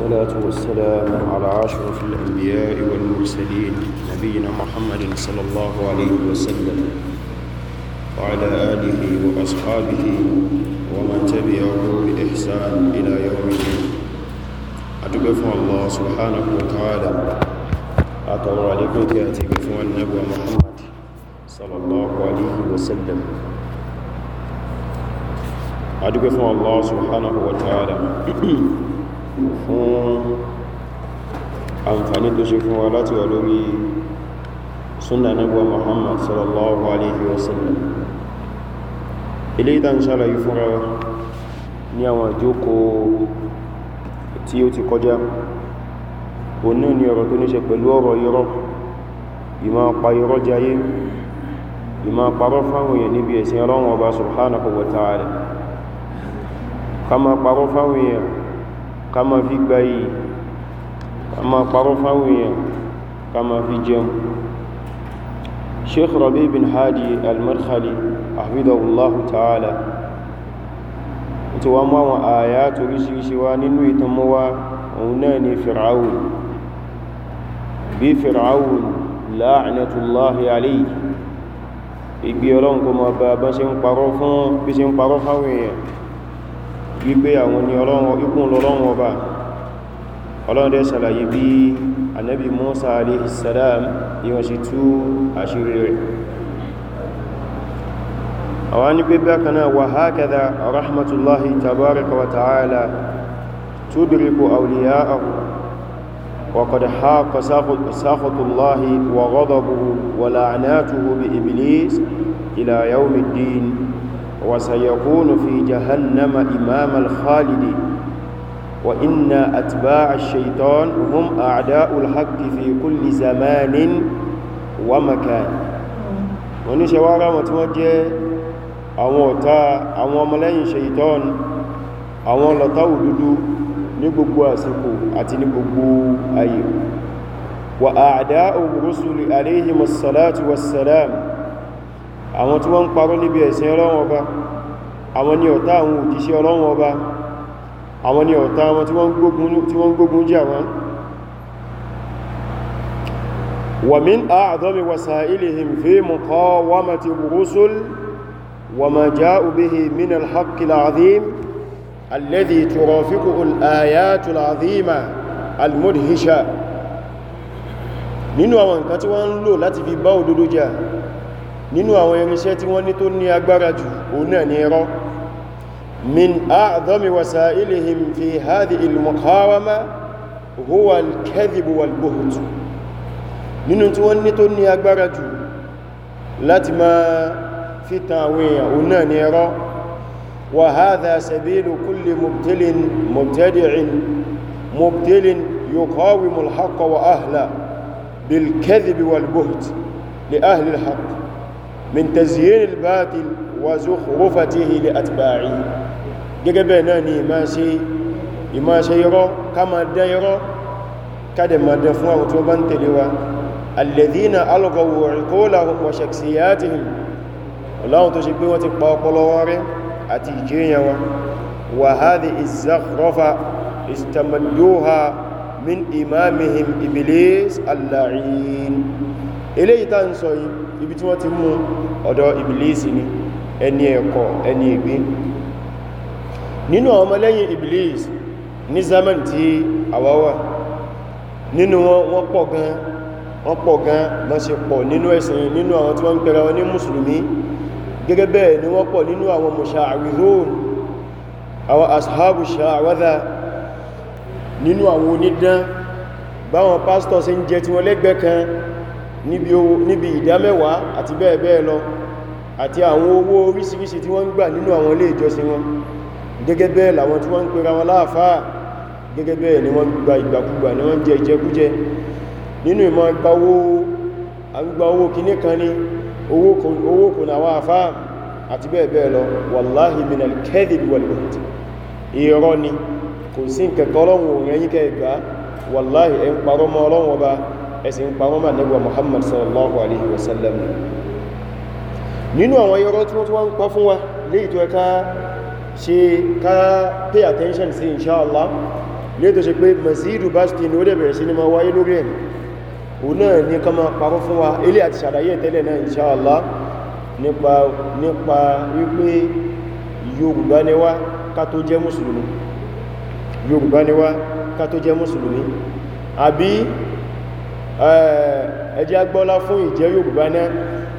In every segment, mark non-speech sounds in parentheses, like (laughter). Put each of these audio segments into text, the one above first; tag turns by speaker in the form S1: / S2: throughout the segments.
S1: والصلاة والسلام على أشرف الأنبياء والمرسلين نبينا محمد صلى الله عليه وسلم وعلى آله وأصحابه ومن تبعه بإحسان إلى يوم الدين أتبف الله سبحانه وتعالى أتوى تأتي بفو النبو محمد صلى الله عليه وسلم أتبف الله سبحانه وتعالى (clears throat) fún àǹfàní tó ṣe fún wa láti wà lórí súnnà nígbà Muhammad sallallahu alaihi wasallam ilé ìdá ń ṣàlàyé fúnra ní àwọn ìjókòó tí ó ti kọjá òní ni ọ̀rọ̀ tó ní ṣe pẹ̀lú ọ̀rọ̀ irọ́ ìmá pa irọ́ jayé ìmá parọ́ fáwọn èèyàn níbi ẹ̀sìn ká máa fi gba yìí ká máa parọ́ fáwọn èèyàn ká máa fi jẹun sheikh rabi bin hadi al-madkhali ahmidahullahu ta'ala ti wá mọ́ àwọn àyà toríṣiríṣi wá nínú ìtàn mọ́ wá òun náà ni fir'aun bí fir'aun la'anatullahi alayhi ìgbé ọlọ́run mọ́ bá bá ṣe ń parọ́ fáwọn èèyàn wípé àwọn ni ikú lọ́lọ́run ọba ọlọ́run dẹ̀ ṣàlàyé bí anábi Musa alayhi salam ni wọ́n ṣe tú àṣírí rẹ̀ àwọn ní pípẹ́ kanáà wà hákẹ́dà rahmatullahi tabaraka ta'ala وقد حاق سخط الله وغضبه ولعناته بإبليس إلى يوم الدين وسيكون في جهنم إمام الخالدين وإن أتباع الشيطان هم أعداء الحق في كل زمان ومكان wọ́n ní ṣe wá ráwọn tí wọ́n jẹ́ àwọn ọ̀tá àwọn ọmọlẹ́yìn ṣeitọ́n àwọn lọ́tá òdúdú ní gbogbo àsìkò àti ní gbogbo ayé wa àdá òwúrúsùlù aléhìmọ̀sálátù wasalam àwọn tí wọ́n ń parọ́ níbi ẹ̀sìn ọlọ́run ọba àwọn ni ọ̀tá àwọn òjíṣẹ́ ọlọ́run ọba àwọn ni ọ̀tá àwọn tí wọ́n gbógun jà wọ́n wa min a'dami wasailihim fi muqawamati ar-rusul wa ma ja'u bihi min al-haqqi al-'azim nínú àwọn irinṣẹ́ tí wọ́n ní tó ní agbára jù òun náà ni to ni agbara ju ó naa ni iro min ilé him fi hadhihi al má huwa al-kadhib wal-buht wà wọ́n ní tó jù láti máa fitan àwọn èèyàn òun náà ni to ni agbara ju lati ma fitan awon eeyan naa ni iro wa ahla bil min tazyin al-batil wa zukhrufatihi li atba'i gẹ́gẹ́ bẹ́ẹ̀ náà ni ìmá ṣe ìmá ṣe irọ́ ká ma dá irọ́ kádẹ ma dá fún àwọn tí ó bá ń wa alladhina alghaw uqulahum wa shakhsiyatihim ọláhun tó ṣe pé wọ́n ti pa ọpọlọ wọn rẹ́ àti ìjìyàn wọn wa hadhihi az-zakhrafa istamadduha min imamihim iblis al-la'in eléyìí tá ń sọ ibi tí wọ́n ti mú ọ̀dọ̀ ìbìlìsì ni ẹni ẹ̀kọ́ ẹni ìgbé nínú ọmọlẹ́yìn ìbìlìsì ní zaman tí àwáwà nínú wọn wọ́n pọ̀ gan wọ́n pọ̀ gan wọ́n ṣe pọ̀ nínú ẹ̀sìn nínú àwọn tí wọ́n ń pẹ̀rẹ̀ wọn ní mùsùlùmí gẹ́gẹ́ bẹ́ẹ̀ ni wọ́n pọ̀ nínú àwọn mushaawirun àwọn ashabu sha'awadha nínú àwọn onídán báwọn pásítọ̀ sí ń jẹ tí wọ́n lẹ́gbẹ̀ẹ́ kan níbi ìdámẹ́wàá àti bẹ́ẹ̀ bẹ́ẹ̀ lọ àti àwọn owó orísìírísìí tí wọ́n ń gbà nínú àwọn ilé ìjọsí wọn gẹ́gẹ́ bẹ́ẹ̀ làwọn tí wọ́n ń pera wọn láàfáà gẹ́gẹ́ bẹ́ẹ̀ ni wọ́n gba ìgbàkúgbà ni wọ́n jẹ ìjẹkújẹ nínú ìmọ̀ ẹ̀sìn ń pa wọ́n mà nígbà Muhammad sallallahu alaihi wasallam nínú àwọn yọrọ tí wọ́n tí wọ́n pọ́ fún wa lè tó ẹka ṣe ká pay attention sí inṣáàlá lè tó ṣe pé mazidu basti ní ó dẹ̀ bẹ̀rẹ̀ sí ní máa wáyé lórí ẹ̀ òun náà ní ká máa parọ́ fún wa ilé àti ṣàlàyé tẹ́lẹ̀ náà inṣáàlá nípa nípa wípé Yorùbá ni wá ká tó jẹ́ mùsùlùmí Yorùbá ni wá ká tó jẹ́ mùsùlùmí àbí ẹjẹ́ agbọ́lá fún ìjẹ́ Yorùbá náà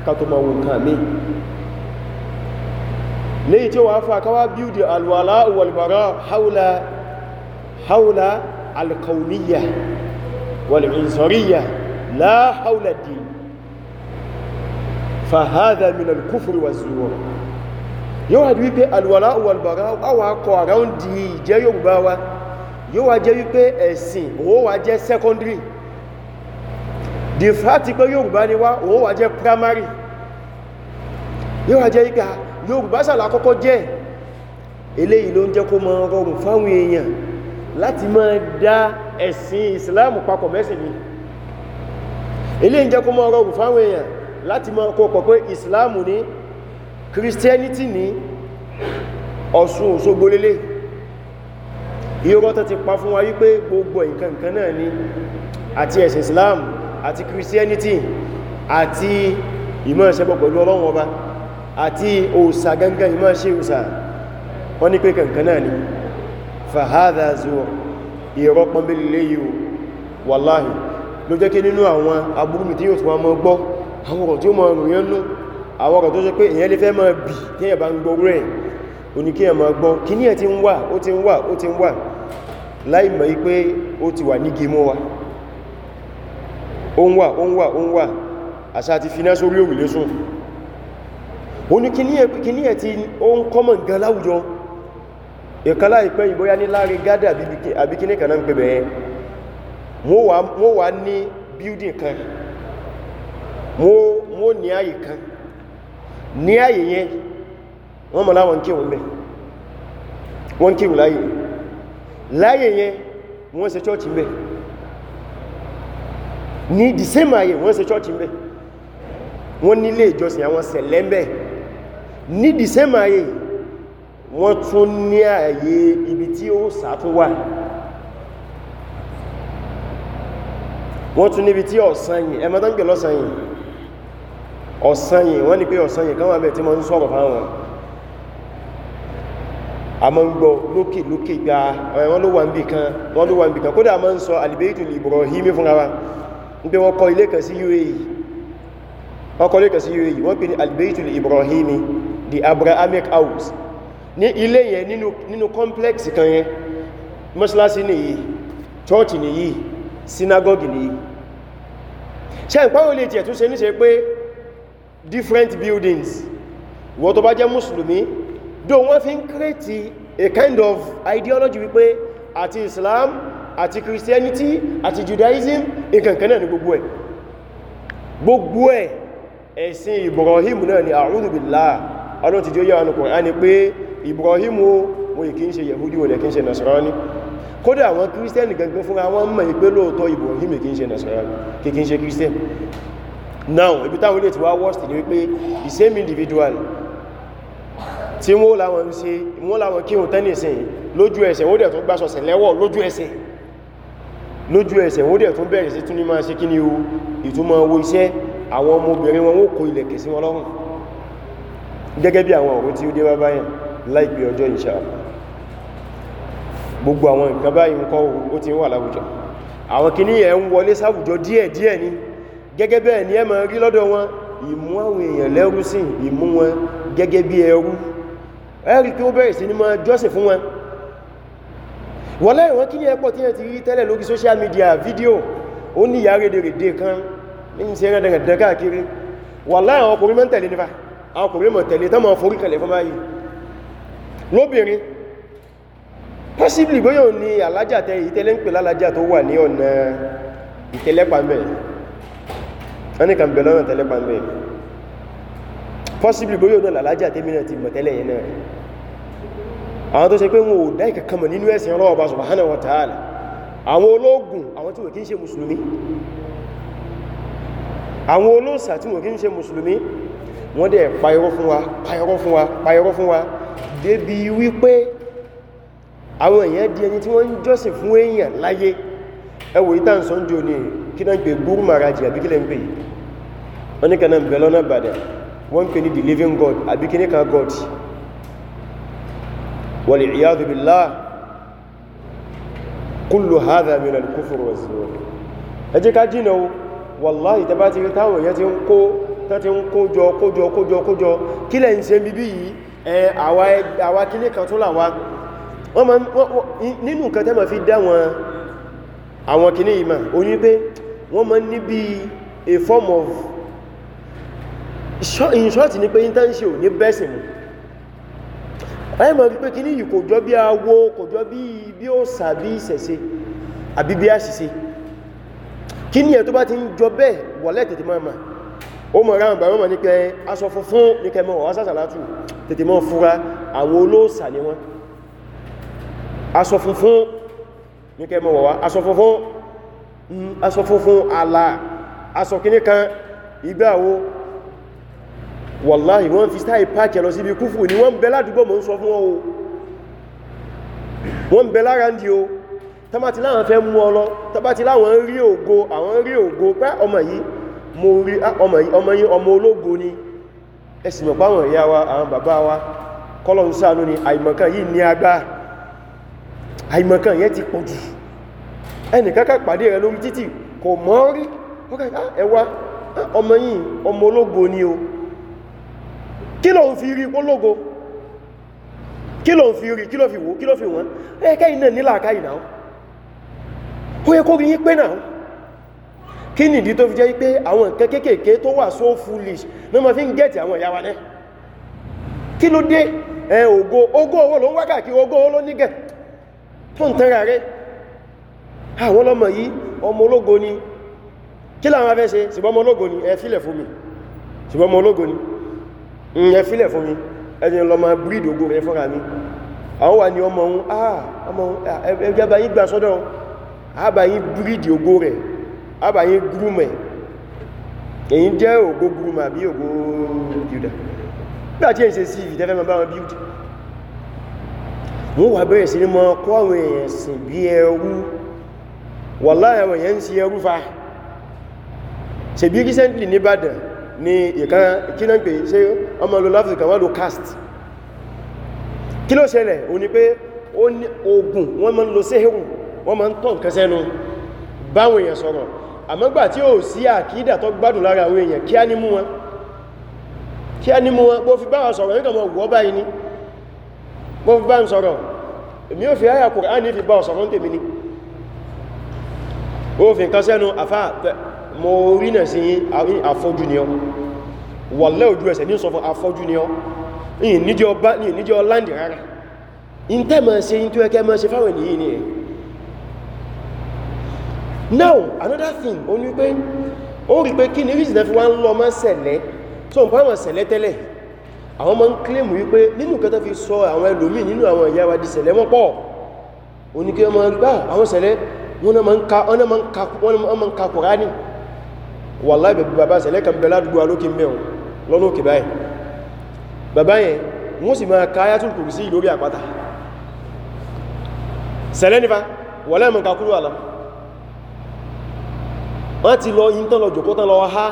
S1: katọmọ̀wò kan mí léyìí tí ó wà fún àkáwà bíúdì alwàlá wàlbàrá haula alkauniya wàlìnsọ̀ríyà láhaula dì fàhádà min alkufri wa zuwọ́ yóò wà wípé alwàlá wàlbàrá awà kọ àráùndì ìjẹ́ Yorùbá wa yóò wà jẹ́ wípé ẹ̀sìn owó wà jẹ́ secondary the fact pé Yorùbá ni wá ó wà jẹ́ primary yóò wà jẹ́ ìgbà Yorùbá sàlá kọ́kọ́ jẹ́ eléyìí ló ń jẹ́ kó mọ́ rọrùn fáwọn èèyàn láti mọ́ dá ẹ̀sìn Islam papọ̀ mẹ́sìn ni eléyìí ń jẹ́ kó mọ́ rọrùn fáwọn èèyàn láti mọ́ kó pọ̀ pé Islam ní Christianity ní Ọ̀ṣun Òṣogbo lélẹ̀ irọ́ tó ti pa fún wa wípé gbogbo nǹkan kan náà ni àti ẹ̀sìn Islam àti christianity àti ìmọ̀ ìṣẹ́bọ̀ pẹ̀lú ọlọ́run ọba àti òòsà gangan ìmọ̀ ṣe òòsà wọ́n ní pé kankan náà ni fahadha zuwa ìrọ́ pọ̀nbílì léyìí wàláhì ló jẹ́ kí nínú àwọn abúrúmi tí yóò tún wọ́n mọ́ gbọ́ àwọn ọ̀rọ̀ tí ó mọ̀ rìnyàn nú àwọn ọ̀rọ̀ tó ṣe pé èyàn lè ti wà ní gímọ́ wa ó ń wà ó ń wà ó ń wà àṣà kini fi náà sórí òrùlé sùn ó ní kíní ẹ̀ tí ó ń kọ́mọ̀ gan láwùjọ ìkan láìpẹ́ ìbóyá ní láre gádà àbí kan náà ń pẹ̀bẹ̀ wà kan wọ́n ní ààyè kan ní ààyè yẹn wọ́n mọ̀ láwọn kírùn mẹ́ wọ́n kírùn láyè yẹn wọ́n ní the same ayé wọ́n ṣe church ńbẹ̀ wọ́n nílé ìjọsìn àwọn sẹ̀lẹ̀ ńbẹ̀ ní the same ayé wọ́n tún ní ààyè ibi tí ó sàtún wà wọ́n tún níbi tí ọ̀sányìn ẹmọ tó ń pè lọ́sányìn ọ̀sányìn wọ́n ní pé ọ̀sányìn kan wà bẹ̀ tí mo ń sọ̀rọ̀ fáwọn a ma ń gbọ́ lókè lókè gba wọ́n ló wà ń bì kan kódà a ma ń sọ alìbẹ́ìtù Ibrahim fúnra wa ń pé wọ́n kọ́ ilé kan sí UAE wọ́n kọ́ ilé kan sí UAE wọ́n pè ní albaitul ibrahimi the abrahamic house ní ilé yẹn nínú complex kan yẹn mọ́ṣálásí nìyí church nìyí synagogue nìyí ṣe ìpáwọn olè tiẹ̀ tún ṣe níṣe pé different buildings wọ́n tó bá jẹ́ mùsùlùmí dó wọ́n fi ń create a kind of ideology wípé àti islam àti christianity àti judaism nǹkankan náà ni gbogbo ẹ̀ gbogbo ẹ̀ ẹ̀sìn ibrahim náà ni a'udhu billah ọlọ́n ti jẹ́ yà ọ̀nà kùnrin ni pé ibrahim o wọ́n yìí kí ń ṣe yahudi wọ́n yìí kí ń ṣe nasarani kódà àwọn christian gangan fúnra wọ́n mọ̀ ìpé lóòtọ́ ibrahim kí ń ṣe nasarani kí kí ń ṣe christian now ibi táwọn ilé ti wá worst ni wípé the same individual tí wọ́n láwọn kí wọ́n tẹ́nìsìn lójú ẹsẹ̀ wọ́n dẹ̀ tó gbásọ̀sẹ̀ lẹ́wọ̀ lójú ẹsẹ̀ lójú ẹsẹ̀ wọ́n dẹ̀ tún bẹ̀rẹ̀ sí tún ní máa ṣe kí ni o ìtumọ̀ owó iṣẹ́ àwọn ọmọbìnrin wọn ó kó ilẹ̀kẹ̀ sí wọn lọ́rùn gẹ́gẹ́ bí àwọn ọ̀rọ̀ tí ó dé bá báyàn láìpẹ́ ọjọ́ insha Allah gbogbo àwọn nǹkan báyìí ń kọ́ ó ti ń wà láwùjọ àwọn kìíní ẹ̀ ń wọlé sáwùjọ díẹ̀ díẹ̀ ni gẹ́gẹ́ bẹ́ẹ̀ ni ẹ máa rí lọ́dọ̀ wọn ìmú àwọn èèyàn lẹ́rú sí ìmú wọn gẹ́gẹ́ bí ẹrú ẹ rí pé ó bẹ̀rẹ̀ sí ní máa jọ́sìn fún wọn wọ́n lẹ́rìn kí ní ẹpọ̀ tí ẹ ti rí tẹ́lẹ̀ lórí social media video ó ní ìyá rédèrèdè kan ní ṣe rẹ̀dẹ̀rẹ̀dẹ̀ káàkiri wà láàrín àwọn ọkùnrin mẹ́ntẹ̀lé nípa àwọn ọkùnrin mọ̀tẹ̀lé tán mọ̀ forí kalẹ̀ fún báyìí lóbìnrin possibly bóyá ò ní alájà tẹ ìtẹ́lẹ́ ń pè lálájà tó wà ní ọ̀nà ìtẹ́lẹ́pàmbẹ̀ ẹnìkan bẹ̀ lọ́nà tẹ́lẹ́pàmbẹ̀ possibly bóyá ò ní alájà tẹ́mínà ti mọ̀tẹ́lẹ̀ yẹn náà àwọn tó ṣe pé wọn ò dá ìkàkàmọ̀ nínú ẹ̀sìn ọlọ́wọ́ bá subhanahu wa ta'ala àwọn ológun àwọn tí wọ́n kí ń ṣe mùsùlùmí àwọn olóòsà tí wọ́n kí ń ṣe mùsùlùmí wọ́n dẹ̀ payọrọ fún wa payọrọ fún wa payọrọ fún wa débi wípé àwọn èèyàn di ẹni tí wọ́n ń jọ́sìn fún èèyàn láyé ẹwò ìtàn sọ́njú ní kí náà gbé gbúrú maraji àbí kílẹ̀ ń pè wọ́n ní kanáà bẹ̀lọ́nà bàdà wọ́n pè ní the living god àbí kíníkà god والعياذ بالله كل هذا من الكفر والزور ẹjẹ́ ká jìnà o wàláhì tẹbá ti rí táwọn èyàn ti ń kó tẹ́tí ń kójọ kójọ kójọ kójọ kí lẹ́ ń ṣe bíbí yìí ẹ àwa kílé kan tó làwá nínú nǹkan tẹ́ ma fi dá wọn àwọn kìíní yìí ma o ní pé wọ́n ma ní bí a form of in short ni pé intention ní bẹ́sìn mú ayé mọ̀ wípé kí ní yìí kò jọ bí awo kò jọ bí bí ó sàbí ìsẹ̀sẹ̀ àbí bí àṣìṣe kí ní ẹ̀ tó bá ti ń jọ bẹ́ẹ̀ wọ̀lẹ́ tètè máa ma ó mọ̀ ráhùn bàrún mọ̀ ní pé aṣọ funfun ní kẹmọ̀ ọ̀wá sàtàlátù tètè mọ́ fúra àwọn olóòsà ni wọ́n aṣọ funfun ní kẹmọ̀ ọ̀wá aṣọ funfun aṣọ funfun àlà aṣọ kìníkan ìgbàwó wàláhì wọ́n fi stáì pàkì lọ síbi kúfù ni wọ́n bẹ ládùúgbò mọ́ ń sọ fún ọ́ wọ́n bẹ lára ń di o tàbátí láwọn fẹ́ mú ọlọ tàbátí láwọn rí ògo àwọn rí ògo pé ah, ọmọ yìí mo rí ah, ọmọ yìí ọmọ yìí ọmọ ológo ni ẹsìn mọ̀ páwọn ìyá wa àwọn bàbá wa kọ́lọ̀ ń ṣàánú ni àìmọ̀kan yìí ní agbá àìmọ̀kan yẹn ti pọ̀ jù ẹnìkákà pàdé rẹ̀ lórí títì kò mọ́ rí ẹwà ah, ọmọ yìí ọmọ ológo ni o kí lọ ń fi rí pólógo kí lọ fi rí kí lọ fi kí fi wọ́n ẹ̀kẹ́ iná nílàáká ìná ó yẹ kó rí náà kí nìdí tó fi jẹ́ pé àwọn nǹkan tó wà so foolish ní ma fi ń gẹ̀ẹ́tì àwọn ìyá wa kí ló dé ẹ owó ló ń wákàkí mi ṣùgbọ́n ọmọ ìyẹn fílẹ̀ fún mi ẹjìn lọ máa bríd ogun rẹ fúnra mi àwọn wà ní ọmọ ohun ah, ọmọ ah, ẹgbẹ́ bá yín gbà sọ́dọ̀ àbá yín bríd ogun rẹ̀ àbá yín grúmẹ̀ èyí jẹ́ ògbó grúmẹ̀ àbí ògbó builder gbà tí èyí ṣe sí ìfìdẹ́fẹ́ máa bá wọn build wọ́n wà bẹ̀rẹ̀ sí ní mọ́ kọ́ àwọn èèyàn sìn bí ẹrú wà láàrin àwọn èèyàn ń sí ẹrú fa ṣèbí recently ní Ìbàdàn ní ìkan kí náà pè ṣe ọmọ lọ láfíríkà wọ́n lò cast kí ló ṣẹlẹ̀ o ní pé ogun wọ́n ma ń lo séhùn wọ́n ma ń tọ́ nǹkan sẹ́nu báwọn èèyàn sọ̀rọ̀ àmọ́gbà tí ó sí àkídà tó gbádùn lára àwọn èèyàn kí a ní mú wọn kí á ní mú wọn bó fi báwọn sọ̀rọ̀ ní kàmọ̀ wọ́ báyìí ní bó fi báwọn sọ̀rọ̀ èmi ò fi áyà Kùránì fi báwọn sọ̀rọ̀ ń tèmi ni ó mo rínà sí afọ́jú ni ọ wọ̀lẹ́ ojú ẹsẹ̀ ní sọ fún afọ́jú ni ọ níjẹ́ ọláńdì rárá in tẹ́ mọ́ sí in tó ẹkẹ́ mọ́ sí fáwọn ènìyàn ni ẹ̀ now another thing o ní pé ó rí pé kí ni rí ìsìnà fi wá ń lọ mọ́ sẹ̀lẹ̀ tó ń pa àwọn sẹ̀lẹ̀ tẹ́lẹ̀ àwọn mọ́ ń kílèmù wípé nínú kẹta fi sọ àwọn ẹlòmí nínú àwọn ìyá wa di sẹ̀lẹ̀ wọ́n pọ̀ oníkẹ́ ọmọ rí pé ah, àwọn sẹ̀lẹ̀ wọ́n máa ń ka Kùránì wallahi bẹ̀bù bàbá sẹ̀lẹ́kà bẹ̀lá dúgbò alókè mẹ́un lọ́nà òkè báyìí bàbá yẹn wọ́n sì máa káyá tún kùrù sí lórí àpáta sẹ̀lẹ́nifá wallahi mọ̀ kakúrò àlá wọ́n ti lọ yí lọ jòkó lọ ha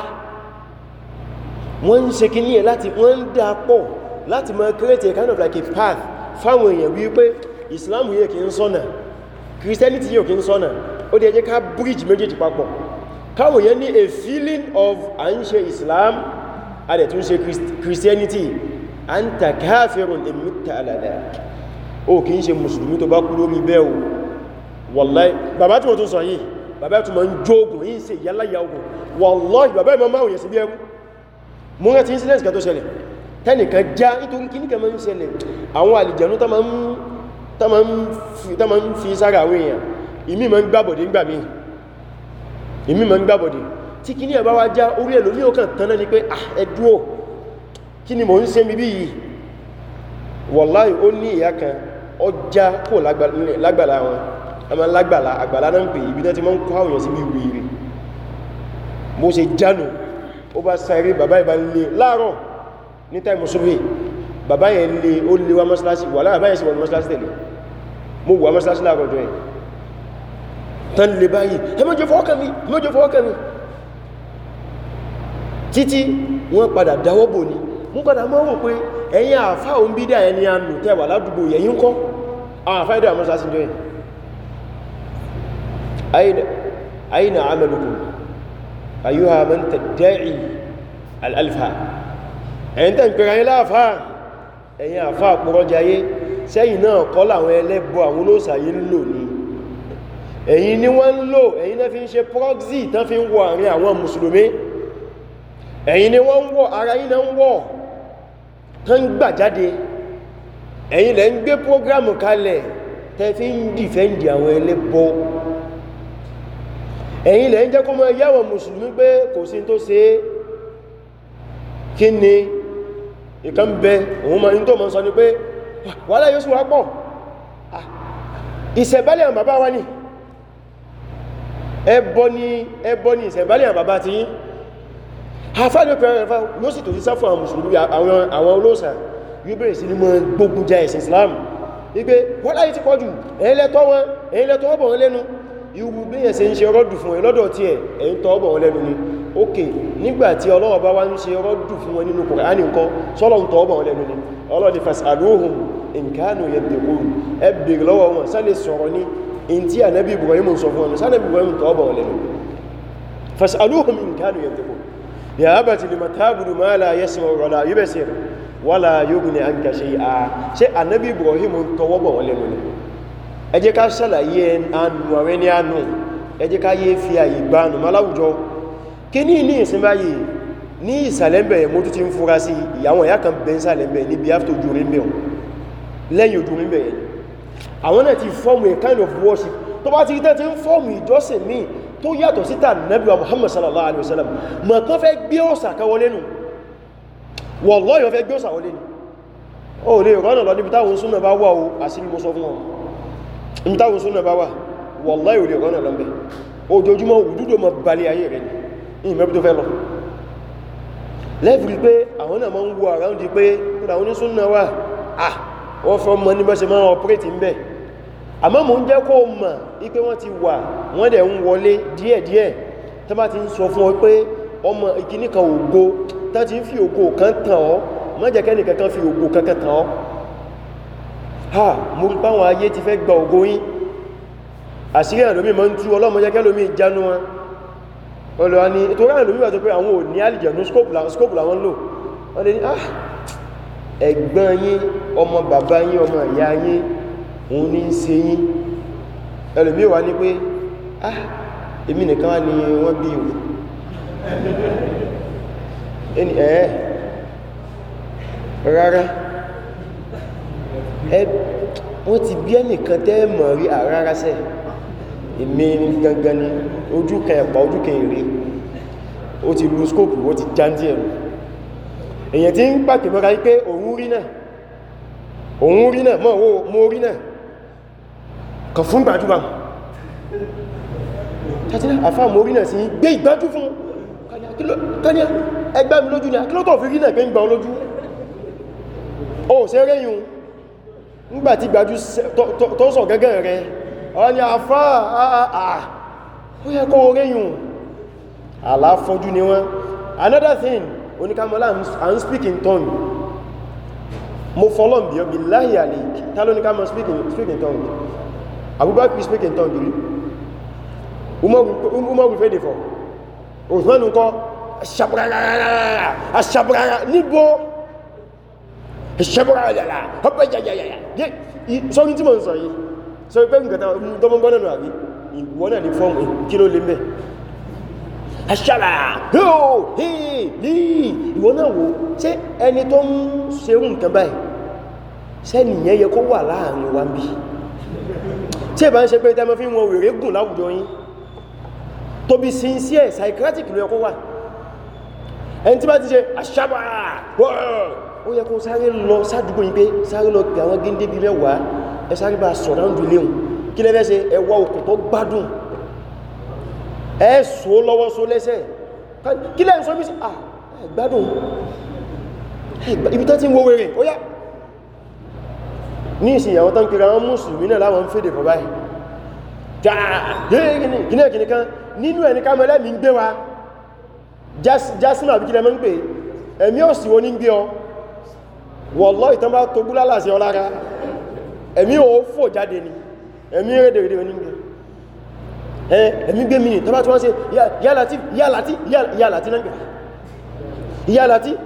S1: wọ́n ń ṣe kí ní ẹ̀ láti wọ́n ń dá pọ̀ láti máa create a kind of like a path fáwọn èèyàn wípé Islam yẹ kí ń sọ́nà Christianity yẹ kí ń sọ́nà ó dẹ̀ jẹ́ ká bridge méjèèjì papọ̀ káwọn yẹn ní a feeling of a ń ṣe islam a dẹ̀ tún ṣe christianity a ń ta káfẹ́rùn lè múta alàdá o kì í ṣe musulmi tó bá kú lórí bẹ́ẹ̀ o wallahi bàbá tí wọ́n tún sọ yìí bàbá tí wọ́n ń jógun yìí ṣe yálàyà ogun wallahi bàbá ìmọ̀ máa wòye sí bí ẹkú mú rẹ̀ tí incident kan tó ṣẹlẹ̀ tẹ́nìkan já nítorí kí níkan máa ń ṣẹlẹ̀ àwọn àlìjẹ̀nú tá máa ń fi sára àwọn èèyàn ìmí máa ń gbàbọ̀dé ń gbà míì èmi ma ń gbábọ̀dì tí kí ní ẹ̀bá wá já orí ẹ̀lò ní ọkàn tán náà ni pé ah ẹ̀dúró kí ni mò ń ṣe bíbí yìí wọ̀láì ó ní ìyá kan ọjá kò lágbàlá wọn a ma lágbàlá àgbàlá náà ń pè ibi náà ti ma ń kọ́ àwọn èèyàn sí bí wèrè bó ṣe jánu ó bá sáré bàbá ìbá lè e láàárọ̀ ní táìmù súnmí bàbá yẹn lè e, ó lè e wá mọ́sálásí wà láàbá yẹn sì wọ́n mọ́sálásí mo wà mọ́sálásí láàárọ̀ jọ yẹn tán lè báyìí ẹ mọ́jọ fọ́ọ́kàn mi mọ́jọ fọ́ọ́kàn mi títí wọ́n padà dáwọ́bò ní mú padà mọ́ wò pé ẹ̀yin àfá òun bí dáa ẹni àmì tẹ́wà ládùgbò yẹ̀yìn kọ́ àwọn àfá ìdá àmọ́sá sí jọ aina amalukum ayuha ẹ̀yin ni wọ́n ń lò ẹ̀yin náà fi ń ṣe proxy tán fi ń wọ àárín àwọn mùsùlùmí ẹ̀yin ni wọ́n ń wọ ara yín náà ń wọ tán ń gbà jáde ẹ̀yin lẹ́ ń gbé prógrámù kalẹ̀ tẹ́ fi ń dìfẹ́ǹdì àwọn ẹlẹ́bọ ẹ̀yin lẹ́ ń jẹ́ kó mọ́ yáwọn mùsùlùmí pé kò sí tó ṣe kí ni ìkan bẹ òun ma ní tó mọ́ sọ ni pé wàhálà yóò sì wá pọ̀ ah, ìṣẹ̀bálẹ̀ bàbá wa ni ẹbọ ní ẹbọ ní ìsẹ̀bálẹ̀ àbàbá ti yí àfáàlẹ̀ pẹ̀rẹ̀ ẹ̀fà yóò sì tó sí sáfún àwọn mùsùlùmí àwọn olóòsà yóò bẹ̀rẹ̀ sí ní mọ́ gbógun jà ẹ̀sìn Islam ipé wọ́n láyé ti pọ̀jù ẹ̀ẹ́lẹ́tọ́ wọn ẹ̀ẹ́lẹ́tọ́ ọbọ̀ wọn lẹ́nu irú bí ẹ̀sẹ̀ ń ṣe rọ́dù fún ẹ lọ́dọ̀ tí ẹ̀ ẹ̀ ń tọ́ ọbọ̀ wọn ni ókè nígbàtí Ọlọ́run bá wá ń ṣe rọ́dù fún wọn nínú Kùránì ńkọ́ sọ́lọ̀ ń tọ́ in kanu yaddiqun ẹ bèèrè lọ́wọ́ wọn sálẹ̀ in tí ànábì Ibrahim sọ fún ọmọ sánàbí Ibrahim tọ́ bọ̀ lẹ́nu fasaluhum in kanu yantiqu ya abati lima ta'budu ma la yasma'u wa la yubsir wa la yughni anka shay'a ṣé ànábì Ibrahim tọwọ́ bọ̀ lẹ́nu ni ẹ jẹ́ ká ṣàlàyé anu àwọn ẹni anu ẹ jẹ́ ká yé fi àyè gbanu maláwùjọ kí ní ní ìsin báyìí ní ìsàlẹ̀mbẹ̀ mọ́tú ti ń fura sí kan bẹ́ ń sàlẹ̀mbẹ̀ níbi after ojú rí mẹ́ lẹ́yìn ojú àwọn náà ti fọ́ọ̀mù a kind of worship tó bá ti rí tẹ́tí ń fọ́ọ̀mù ìjọsìn míì tó yàtọ̀ síta nẹ́bíwa Muhammad sallallahu alaihi wasallam mọ̀ tó fẹ́ gbé òsà kẹwọlé nù wallahi fẹ́ gbé òsà wọlé nù ó lè rọ́nà lọ níbi táwọn súnà bá wà ó àsìrí mo sọ fún wọn níbi táwọn súnà bá wà wallahi lè rọ́nà lọ bẹ́ ojoojúmọ́ òdúdó mọ balẹ̀ ayé rẹ̀ ní ìmẹ́bí tó fẹ́ lọ lẹ́fìrí pé àwọn náà máa ń wo àráùndì pé kúrò àwọn onísúnà wà ah wọ́n fọ́ mọ́ ní bọ́ ṣe máa ọpẹ́rẹ́tì ń bẹ́ẹ̀ àmọ́ mò ń jẹ́ kó mọ̀ ipé wọ́n ti wà wọ́n dẹ̀ ń wọlé díẹ̀díẹ̀ tó bá ti ń sọ fún ọ pé ọmọ ìkíníkan ògo tó ti ń fi ògo kan tàn ọ́ má kankan fi ògo kankan tàn ọ́ ha mo rí báwọn ayé ti fẹ́ gba ògo yín àṣírí ẹ̀lómi mọ́ ń tú ọlọ́mọ jẹ́ kẹ́lómi ìjánu wọn ọlọ́wà ní ìtorí ah ẹ̀gbọ́n yín ọmọ bàbá yín ọmọ ìyá òun ní ń ṣe yín ẹlòmí wà ní pé ah èmi nìkan wá ní wọ́n bí ìwò ẹni ẹ̀ẹ́ rárá wọ́n ti bí ẹnìkan tẹ́ mọ̀ rí àrárá sẹ́ èmi gangan ni ojú kẹẹ̀pà ojú kẹẹ̀rẹ́ ó ti lú skópù ó ti jántí ẹ̀rù èyàn tí ń pàtẹ̀mọ́ra wípé òun rí náà òun rí náà mọ́ owó mo rí náà kan fún gbájú bá tàtílá àfáà mórí náà sí gbé ìgbájú fún kọ́ní ẹgbá mi lójú ní akílọ́tọ̀ fi rí náà gbé ń gbá olójú o ṣe rẹ́yìn nígbàtí gbájú tó sọ gẹ́gẹ́ rẹ ọ̀rọ̀ ni àfáà àà ó yẹ kó rẹ́yìn àláfọ́jú ni wọ́n another thing oníkàmọ́lá i'm speaking tongue mo fọ́lọ́m bí ọ bí láhìí àlè tálóníkàmọ́ speaking tongue Abubakar speak in tongue dìrí Umar fẹ́ dìfọ́ Usman ńkọ́ aṣàbùrárá níbo aṣàbùrárá yàrá ọpẹ́ jàjàjàjà sọ́rí tí mọ̀ ń sọ yìí sọ pé nǹkan tọ́mọ́gọ́nà nù àbí ìwọ́n náà ní fọ́ọ̀mù kí ló lè mẹ́ aṣàrà yóò hìí ní ìwọ́n náà wò ṣé ẹni tó ń ṣerú nǹkan báyìí sẹ́nìyàn yẹ kó wà láàrin wa bíi tí ẹ̀bá ń ṣe pé tẹ́mọ́ fi wọn wèrè gùn láwùjọ yín tó bí sincere psychiatric ló yẹ kó wà ẹni tí bá ti ṣe àṣàbà ó yẹ kó sáré lọ sádùgbò yín pé sáré lọ pè àwọn géńdé bí mẹ́wàá ẹ sáré bá sọ̀rọ̀ ń dùn léhùn kí lẹ́fẹ́ ṣe ẹwà okùn tó gbádùn ẹ so lọ́wọ́ so lẹ́sẹ̀ kí lẹ́ ń sọ bí sí à ah, gbádùn ibi tó ti ń ní ìsìn àwọn tán kiri àwọn mùsùlùmí náà láwọn ń fèdè fọ́ báyìí gínẹ̀gínẹ̀ kan nínú ẹni ká mẹ́lẹ́ mi ń gbé wa jásínà àbíkílẹ̀ mọ́ ń pè ẹ̀mí òsì wo ní gbé ọ wọ́lọ́ ìtàn bá tó búlá láti ọlára ẹ̀mí ò fò jáde ni ẹ̀mí rẹ̀dẹ̀rẹ̀dẹ̀ ní gbé ẹ̀mí gbé mi ní tọ́bá tí wọ́n ṣe yálàtí yálàtí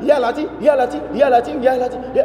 S1: yálàtí náà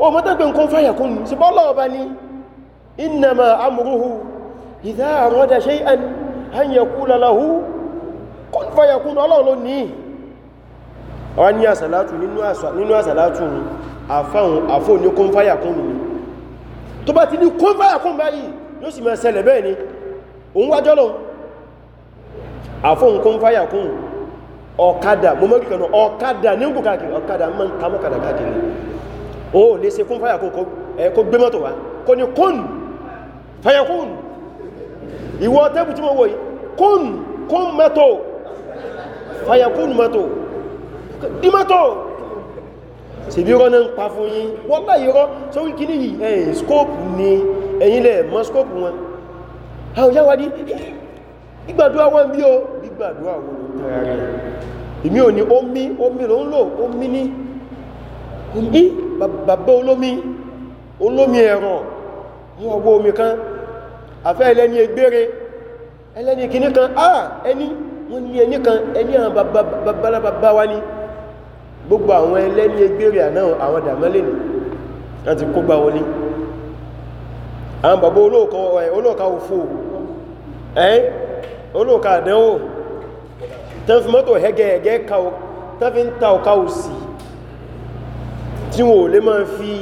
S1: o mọ́ tẹ́gbẹ̀ nǹkan fàyà kún sí bọ́lá ọba ní innama amruhu idha arada shay'an an yaqula lahu kun fayakun ọlọ́ọ̀lọ́ ní wọ́n ní àsàlátù nínú àsàlátù àfáhùn àfó ní kún fàyàkún ní tó ní kún fàyàkún báyìí yóò sì máa ṣẹlẹ̀ bẹ́ẹ̀ ni òun wájọ́ lọ àfóhùn o lè ṣe kún fáyà kó gbé mọ́tò wá kó ní kún fáyà kún ìwọ tẹ́bù tí mo wòye kún kún mọ́tò fáyà kún mọ́tò dí mọ́tò ṣe bí rọ́nà ń pa fún yín wọ́n bá yìí rọ́ tó ń kí ní yìí ẹ̀yìn skóòpù ni ẹ̀yìn lẹ̀ mọ́ skóòpù wọn àwọn yáwádìí ìgbàdúwà wọn bí o gbígbàdúwà wọn ló tẹ́rẹ ìmí ò ní omi omi ló ń lò omi ní omi bàbá olómi olómi ẹ̀rọ wọ́n ọgbọ́ omi kan àfẹ́ ẹlẹ́ni egbére ẹlẹ́ni kìíní kan ah ẹni wọ́n ní ẹni kan ẹni àwọn babalababa wá ní gbogbo àwọn ẹlẹ́ni egbére àná àwọn dàmẹ́lẹ̀ ní láti kó gbà wọlé àwọn bàbá olóòka òfò ẹ́ olóòka àdánwò tán fi mọ́tò hẹ́gẹ́ ẹ̀gẹ́ ká ń ta ọ̀ká òsì tí wọn ò lè máa fi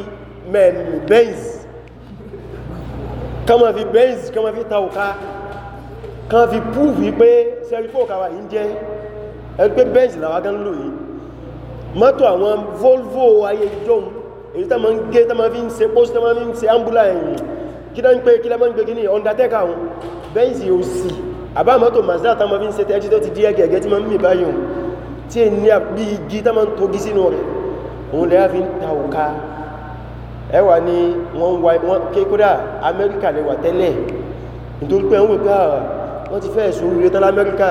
S1: mẹ́nu benz kán máa fi benz kán máa fi ta òká kán fi púùfù pé sẹ́rí pé òká wà yí jẹ́ ẹgbẹ́ benz làwá gán lò yìí mọ́tò àwọn volvo ayé jọun èyí tá máa ń gé tá máa fi ń ṣe post tá máa fi ń ṣe ambula ẹ̀yìn kí dá ń pé kí lámọ́ ń pé kí ní undertaker wọn benz yóò sì àbá mọ́tò mazda tá máa fi ń ṣe tẹ́jú tó ti díẹ̀gẹ̀ẹ́gẹ́ tí máa ń mì báyìí tí è ní àbí igi tá máa ń togi sínú rẹ̀ òun lẹ́yà fi ń ta òka ẹwà ni wọ́n wà wọ́n ké kódà amẹ́ríkà lẹ́wà tẹ́lẹ̀ nítorí pé wọ́n pẹ́ wọ́n ti fẹ́ ẹ̀sùn orílẹ̀ tán lamẹ́ríkà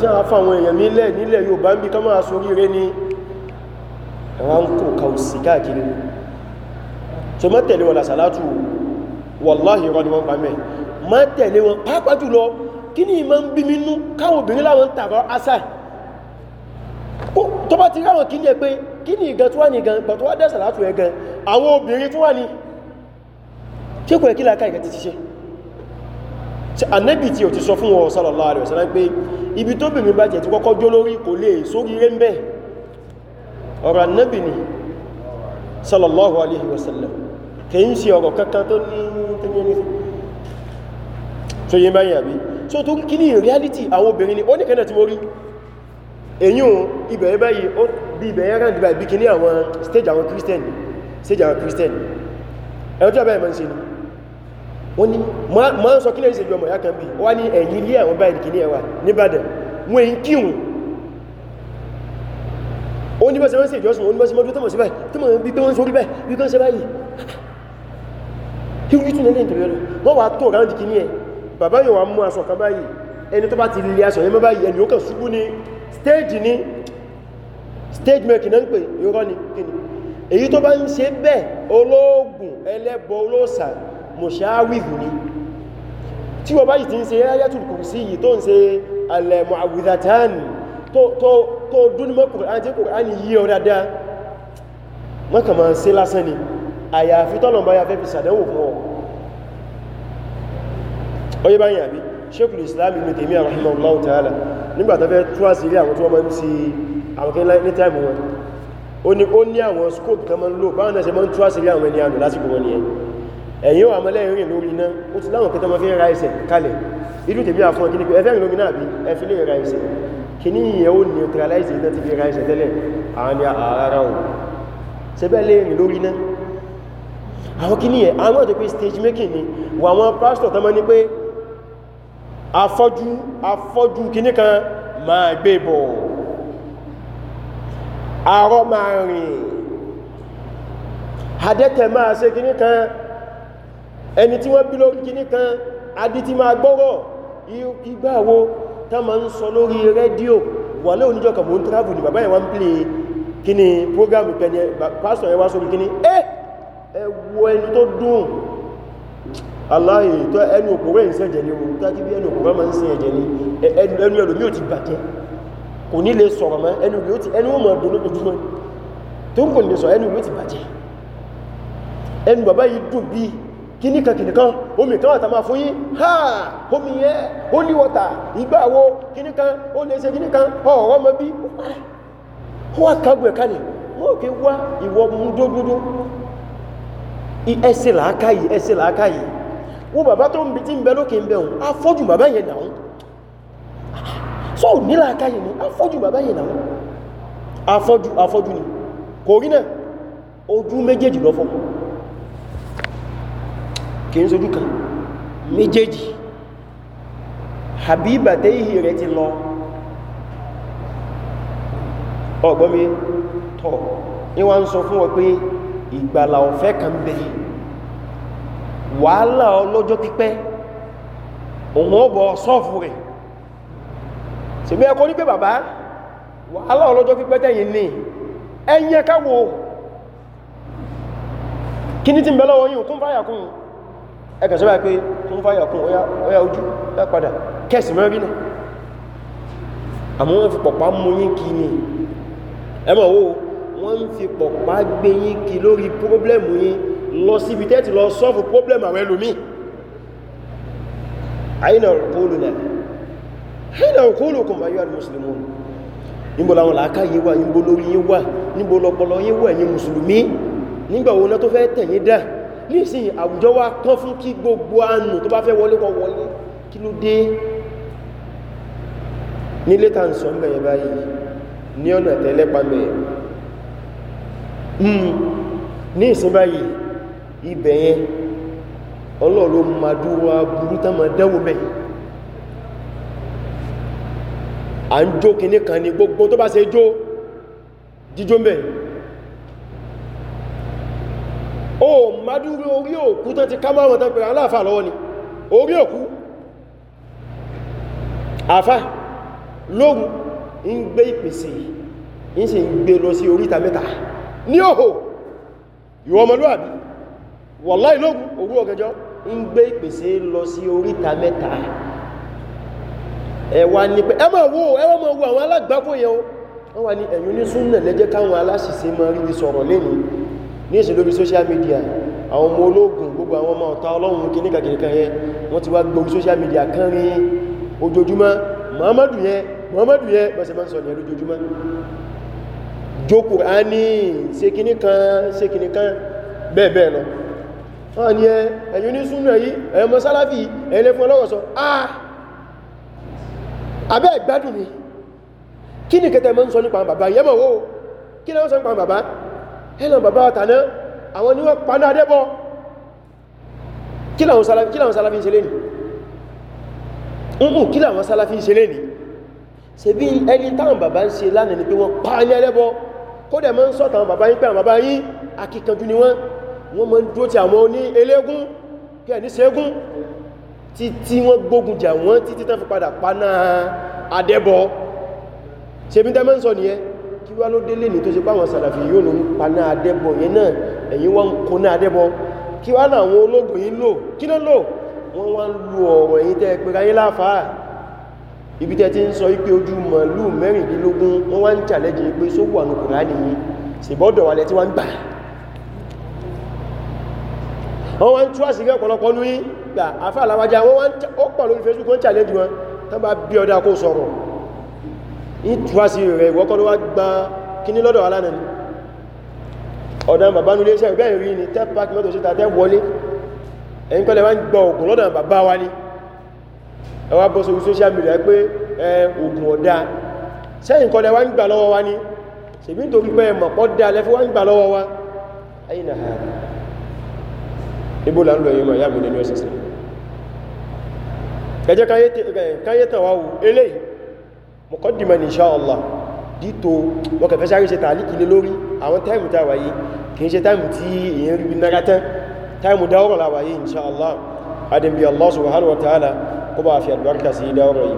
S1: sí àfà àwọn èèyàn nílẹ̀ nílẹ̀ Yorùbá ń bí kọ́ máa sórí rẹ̀ ní ẹ̀wà ń kò kàù sí káàkiri so má tẹ̀lé wọn lásàlátù wàláhì rọ ni wọ́n pa mẹ́ má tẹ̀lé wọn pàápàá jùlọ kí ni ìmọ̀ ń bí mi nú káwọn obìnrin tó bá ti ráwọn kí ní ẹ pé kí ní ìgan tó wà ní ìgan pọ̀ tó wá dẹ́sà látò ẹgan àwọn obìnrin tó wà ní tí kò ẹ̀kílá ká ìkẹ́ ti ṣe tí anẹ́bì tí ò ti sọ fún wọn sallallahu alaihi wasallam pé ibi tó bìnrin bá jẹ́ ti kọ́kọ́ jó lórí kò lè sórí rẹ̀ ń bẹ̀ ọ̀rọ̀ anẹ́bì ni sallallahu alaihi wasallam kìí ṣe ọ̀rọ̀ kankan tó ní tẹ́yẹnì so yẹ báyìí àbí so tó reality àwọn obìnrin ni ó ní kẹ́nà tí wọ́n rí èyún ibẹ̀rẹ̀ báyìí ó bí ibẹ̀rẹ̀ rẹ̀ dìbà ìbí kìíní àwọn stage àwọn christian stage àwọn christian ẹ̀rọ tí a báyìí ma ń ṣe ní wọ́n ni ma ń sọ kí lẹ́yìn ìṣẹ́jú ọmọ ya kan bí wá ní ẹ̀yìn ilé àwọn báyìí kìíní ẹwà níbàdàn wọ́n èyí kíhùn ó ní bẹ́sẹ̀ mẹ́sẹ̀ ìjọsùn òun bẹ́sẹ̀ mọ́jú tọ́mọ̀ sí báyìí tọ́mọ̀ bí pé wọ́n sórí báyìí bí kan ṣe báyìí kí wí tún lẹ́lẹ́ ìtòrí ọlọ́ wọ́n wà tó ráńdì kìíní ẹ̀ bàbá yóò wà mú aṣọ kan báyìí ẹni tó bá ti lè aṣọ yẹn báyìí ẹni ó kàn ṣubú ní stage ni stage making náà ń pè irọ́ ni kíni èyí tó bá ń ṣe bẹ́ẹ̀ olóògùn ẹlẹ́bọ olóòsà mọ̀ṣáwìfù ni tí wọ́n bá yìí ti ń ṣe ayatul kursi yìí tó ń ṣe al-mu'awwidhatan tó dúnmọ́ kùrán tí kùrán yí ọ dáadáa wọ́n kà máa ń lásán ni àyàfi tọ́lọ̀mbá fẹ́ fi ṣàdánwò fún ọ Sheikhul Islam Ibn Taymiyyah rahimahullahu ta'ala nígbàtà fẹ́ tú àṣírí àwọn tí wọ́n máa ń sí àwọn kẹ́lá ní táìmù wọn ó ní ó ní àwọn scope kan máa ń lò báwọn ẹ̀ṣẹ̀ máa ń tú àṣírí àwọn ẹni àmì lásìkò wọn nìyẹn ẹ̀yìn wà mọ́lẹ́ rìn lórí iná ó ti láwọn kẹta máa fi ra ẹsẹ̀ kalẹ̀ irú tèbí àfọn kí ní pé ẹfẹ́ rìn lórí náà bí ẹfẹ́ lè ra ẹsẹ̀ kí ní ìyẹn ó neutralize iná ti àwọn ni ààrá ah, wọn sẹ́bẹ̀ lè rìn lórí iná àwọn kí ní ẹ̀ àwọn tó pé stage making ni wà wọn pastor tó ní pé afọ́jú afọ́jú kìíní kan máa gbé bọ̀ àárọ̀ máa rìn àdẹ́tẹ̀ máa ṣe kìíní kan ẹni tí wọ́n bí lórí kìíní kan adí tí gbọ́rọ̀ ìgbà wo tá máa ń sọ lórí rédíò wà lóò níjọ́ kan mò ń ní bàbá yẹn wá play kìíní program ìpẹni pásítọ̀ yẹn wá sórí kìíní ẹ eh! ẹ wo ẹni tó dùn aláyè tó ẹnu òkú wẹ́ ìsẹ́ ẹ̀jẹ̀ ni ohun tó kí bí ẹnu òkú bá máa ń sin ẹ̀jẹ̀ ni ẹnu ẹlòmí ò ti bàjẹ́ kò ní lè sọ̀rọ̀ mọ́ ẹnu ìlú ti ẹnu ọmọ ọdún lójúmọ́ tó ń kò lè sọ ẹnu ìlú ti bàjẹ́ ẹnu bàbá yìí dùn bí kíníkan kìnìkan omi kan àtàmà fún yí ha omi yẹ ó ní wọ́ta ìgbàwo kíníkan ó lè ṣe kíníkan ọ̀rọ̀ mọ́ bí ó wà kágbẹ̀ kalẹ̀ mọ́ òkè wá ìwọ mú dódódó ẹsẹ̀ làákàyè ẹsẹ̀ làákàyè wo bàbá tó ń bi tí ń bẹ lókè ń bẹ òun afọ́jú bàbá yẹn dàún so nílà káyẹ̀ ní afọ́jú bàbá yẹn dàún afọ́jú afọ́jú ni kò rí náà ojú méjèèjì lọ́fọ́ kìí sojú kan méjèèjì Habiba tẹ́yìí rẹ̀ ti lọ ọgbọ́mí tọ́ ní wọ́n ń sọ fún wọn pé ìgbàlà ọ̀fẹ́ kan bẹ̀rẹ̀ wàhálà ọlọ́jọ́ pípẹ́ òun ọ̀bọ̀ sọ́ọ̀fù rẹ̀ ṣèbí ẹkọ́ ní pé bàbá wàhálà ọlọ́jọ́ pípẹ́ tẹ́yìn ní ẹ̀yẹ káwò kí ní ti ń bẹ lọ́wọ́ yìí kún fáyàkún ẹgbẹ̀ sọ́bàá pé kún fáyàkún ọya ojú lápadà kẹsì mẹ́rin náà àmọ́ wọ́n fi pọ̀pá mú yín kí ni ẹmọ̀ wo wọ́n fi pọ̀pá gbé yín kí lórí pírọ́blẹ̀mù yín lọ síbi tẹ́ẹ̀tì lọ sọ́fù problem àwọn ẹlòmí àyínà òkúlù náà àyínà òkúlù kùn bá yíwá ní mùsùlùmí níbo láwọn làákà yí wà níbo lórí yí wà níbo lọpọlọ yí wà ní mùsùlùmí nígbàwó náà tó fẹ́ tẹ̀yí dá ní ìsìn àwùjọ wa kán fún kí gbogbo àánú tó bá fẹ́ wọlé kọ wọlé kí ló dé nílé tàn sọ ń bẹ̀yẹ báyìí ní ọ̀nà tẹ́lẹ́pàá bẹ̀yẹ hmm. ní ìsìn báyìí ibẹ̀ yẹn ọlọ́ọ̀lọ́ madúwà burú tán ma dẹ́wò mẹ́ a ń jó kìíní kan ní gbogbo tó bá ṣe jó jíjó mẹ́ o madúwà orí òkú tán ti ká márùn tán pẹ̀lú aláàfà lọ́wọ́ ni orí òkú àfá lóòrùn ń gbé ìpèsè ń sì ń gbé lọ sí oríta mẹ́ta ní òhò ìwọ ọmọlúwàbí wọ̀lá ìlógún òwúrọ̀ ọ̀gẹjọ́ ń gbé ìpèsè lọ sí oríta mẹ́ta ẹ̀wà ní pé ẹ máa wo ẹ máa wo àwọn alágbàkó yẹn o wọ́n wà ní ẹ̀yún ní súnnà lẹ́jẹ́ káwọn aláṣìṣe máa rí sọ̀rọ̀ lẹ́nu ní ìṣèlú lórí social media àwọn ọmọ ológun gbogbo àwọn ọmọ ọ̀tá ọlọ́run kí nígbà kìrìkan yẹn wọ́n ti wá gbogbo social media kan rí ojoojúmọ́ muhammadu yẹn muhammadu yẹn bẹ́sẹ̀ máa ń sọ ní ojoojúmọ́ jókòó á ní ṣe kìnnìkan ṣe kìnnìkan bẹ́ẹ̀ bẹ́ẹ̀ lọ wọ́n eh, ni ẹ̀yìn ní súnú ẹ̀yí ẹ̀yìn mọ́ sálàfí ẹ̀yìn lè fún ah abẹ́ ìgbádùn mi kí ni kẹta mọ́ ń sọ nípa bàbá yẹ́mọ̀ wó kí ni wọ́n sọ nípa bàbá ẹ̀lọ bàbá ọ̀tàná àwọn ni wọ́n paná adẹ́bọ́ kí làwọn sálàfí ṣe lẹ́ni kí làwọn sálàfí ṣe lẹ́ni ṣe bí ẹni táwọn bàbá ni pé wọ́n pa ní adẹ́bọ́ kó dẹ̀ mọ́ ń sọ táwọn bàbá wọ́n mọ́ dúró ti àwọn oní elégún kẹ́ ní ségún títí wọ́n gbógun jà wọ́n títí tán fi padà paná adẹ́bọ̀ ṣe bí tẹ́mẹ́ ń sọ nìyẹn kí wá ló délé ní tó ṣe páwọn sàlàfí yóò ló ń paná adẹ́bọ̀ yẹn náà ẹ̀yìn wọ́n kó ná adẹ́bọ̀ kí wá náà àwọn ológun yìí lò kí ló lò wọ́n wá ń lu ọ̀rọ̀ yìí tẹ́ pé ráyé láfàá ibi tẹ́ ti ń sọ ipé ojú màálù mẹ́rìndínlógún wọ́n wá ń challenge pé sówó ànukùnrin nìyí ṣèbọ́dọ̀ wà lẹ́ tí wọ́n ń gbà wọ́n wá ń tú àṣírí ọ̀pọ̀lọpọ̀ ní gbà afẹ́ àlàwájá wọ́n wá ń pọ̀ lórí Facebook wọ́n challenge wọn tán bá bí ọdá kó sọ̀rọ̀ ìtú àṣírí rẹ̀ ìwọ́kọ́ ló wá gba kíní lọ́dọ̀ alánà ni ibo la ń lọ yíma yàmù nínú ẹ̀sìn sí ẹjẹ́ káyẹ́tàn wá wù eléyìí mọ̀kọ́dìmọ̀ ní insha Allah dìtò mọ́kànfẹ́ sáré ṣe tààlìkì lé lórí àwọn táìmù tá wáyé kìí ṣe táìmù tí èyàn rí bí nára tán táìmù dáwọ́rọ̀ la wáyé insha Allah adìmbí Allah subhanahu wa ta'ala kó bá fi albarka sí dáwọ́rọ̀ yìí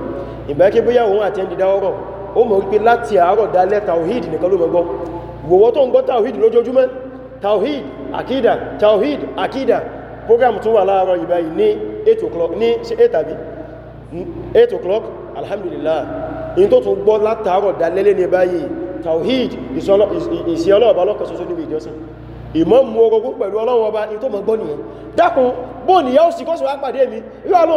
S1: ìbáké bóyá òun àti ẹni dáwọ́rọ̀ ó mọ̀ wípé láti àárọ̀ dálẹ́ tawhid nìkan ló tawhid akida tawhid akida program tún wà láàárọ̀ ìbáyìí ní 8 o'clock ní ṣe 8 tàbí 8 o'clock alhamdulillah in tó tún gbọ́ látàárọ̀ dalẹ́lẹ́ ní báyìí tawhid ìsìn ọlọ́ọ̀bá lọ́kàn ṣoṣo níbi ìjọsìn ìmọ̀ mú orogún pẹ̀lú ọlọ́run ọba in tó mọ̀ gbọ́ nìyẹn dákun bó nìyà ó sì kọ́ sí wá pàdé mi irú àwọn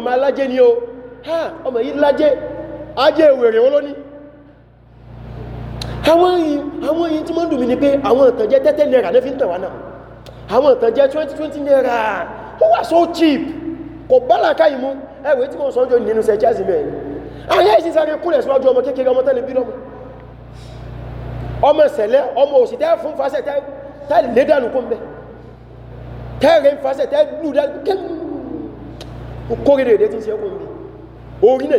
S1: orógún ha ọmọ yìí lájẹ́ ajé ìwèrè olóní àwọn èyí àwọn èyí tí wọ́n dùn mí ni pé àwọn ìtàn jẹ́ tẹ́tẹ́ naira lẹ́fí ń tẹ̀wà náà àwọn ìtàn jẹ́ 2020 naira ó wà so cheap kò bálà káyì mú ẹwẹ́ tí wọ́n sọ́jọ́ nínú sẹ chelsea mẹ́rin ayé ìsìn sáré kúrẹ̀ síwájú ọmọ kékeré ọmọ tẹ́lẹ̀ bílọ́mù ọmọ ìsẹ̀lẹ̀ ọmọ òsì tẹ́ fún fásẹ̀ tẹ́ lè dànù kó mẹ́ tẹ́rẹ ń fásẹ̀ tẹ́ lù dànù kí kórèrè èdè tí ń se ọkùnrin orí náà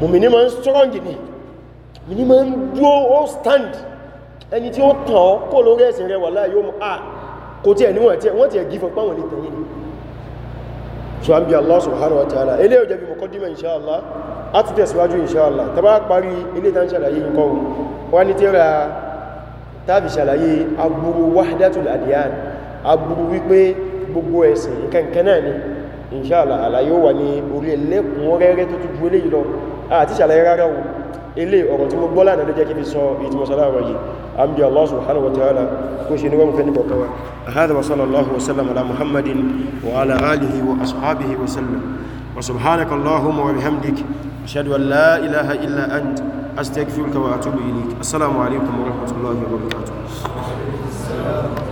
S1: mùmìnì ma ń strong ni mùmìnì ma ń dúó ó stand ẹni tí ó tàn ọ́ kó lórí ẹ̀sìn rẹ̀ wà láà yóò mú à kò tí ẹ̀ níwọ̀n tí wọ́n ti ẹ̀ gífọ̀ páwọn tẹ̀yìn ni so an bí Allah subhanahu wa ta'ala Ele ilé bi bí ma insha Allah, ti tẹ̀síwájú insha Allah. bá parí ilé tán ṣàlàyé nǹkan Wa ni tíra tàbí ṣàlàyé agbúrú wahdatul adiyan agbúrú wípé gbogbo ẹ̀sìn nǹkan kan náà ni inṣáàlá àlàyé wà ní orí ẹlẹ́kùn rẹ́rẹ́ tó tún ju eléyìí lọ àti ah, ṣàlàyé rárá o ilé ọ̀rọ̀ tí mo gbọ́ lánàá ló jẹ́ kí fi sọ èyí tí mo sọ́lá ọ̀rọ̀ yìí an bí Allah subhanahu wa ta'ala kó ṣe ní wọ́n fẹ́ ní kọ̀kọ́wà ahada wa sallallahu wa